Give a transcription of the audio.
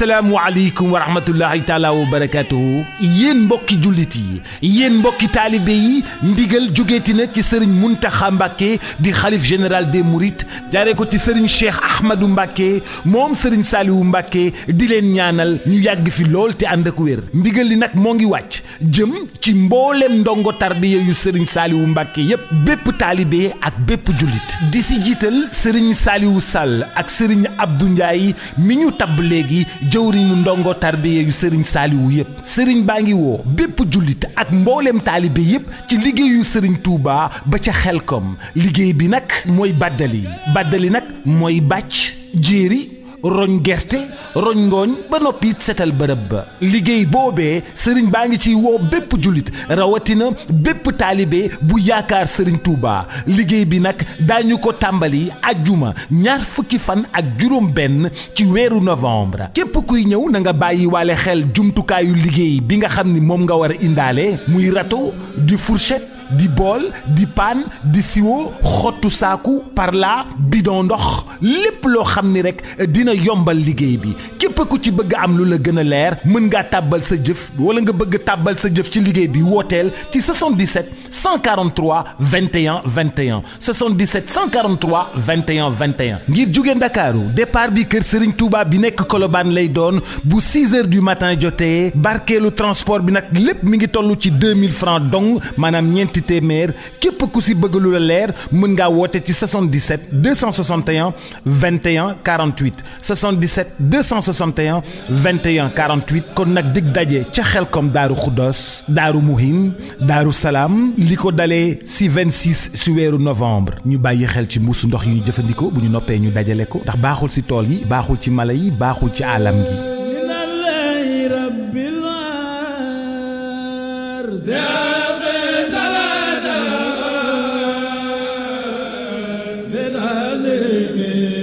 asalaamualeykum wa rahmatullahi taala wa barakaatuhu yéen mbokki jullit yi yéen mbokki taalibe yi ndigal jógeeti na ci sëriñ Muntaxa Mbàkke di xalif général des Mourides jaaree ko ci sëriñ Cheikh Ahmadou Mbàkke moom sëriñ Saaliwu Mbàkke di leen ñaanal ñu yàgg fi lool te ànd wér ndigal li nag moo ngi wàcc jëm ci mbooleem ndongo tarbiya yu sëriñ saaliwu mbàkke yépp bépp taalibe ak bépp jullit di si jiital sëriñ saaliwu sàll ak sëriñ abdu njaay mi ñu tabb léegi jëwriñu ndongo tarbiya yu sëriñ saaliwu yépp sëriñ baa ngi woo bépp jullit ak mbooleem taalibe yépp ci liggéeyu sëriñ tuuba ba ca xel xelkom liggéey bi nag mooy bàddali bàddali nag mooy bàcc jéeri roñ gerte roñ ngooñ ba noppi setal bërëb ba liggéey boobee sëriñ baa ngi ciy woo bépp jullit rawatina bépp taalibe bu yaakaar sëriñ Touba liggéey bi nag daañu ko tàmbali ajjuma ñaar fukki fan ak juróom benn ci weeru novembre képp kuy ñëw na nga bàyyi waale xel jumtukaayu liggéey bi nga xam ni moom nga war a indaale muy râteau di fourchette di bool di paan di siwo xottu saaku parla bidon ndox lépp loo xam ni rek dina yombal liggéey bi képp ku ci bëgg am lu la gën a leer mën ngaa tàbbal sa jëf wala nga bëgg tàbbal sa jëf ci liggéey bi wooteel ci 77 143 21 21 77 143 21 21 ngir juge Ndakaaru départ bi kër Serigne Touba bi nekk Colobane lay doon bu 6 heures du matin jotee barkeelu transport bi nag lépp mi ngi toll ci 2000 francs dong maanaam ñeenti ñetti képp ku si bëgg lu la leer mën ngaa woote ci 77 261 21 48 77 261 21 48 kon nag dig daje ca xel xelkom daaru xuddos daaru muhim daaru salaam li ko dalee ci 26 si weeru novembre ñu bàyyi xel ci mbuusu ndox yu ñu jëfandikoo bu ñu noppee ñu dajale ko ndax baaxul ci tool yi baaxul ci mala yi baaxul ci alam gi Yeah. min alimi